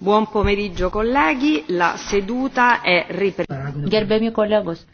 Buon pomeriggio, colleghi. La seduta è ripresa. Gerbiami kolegos,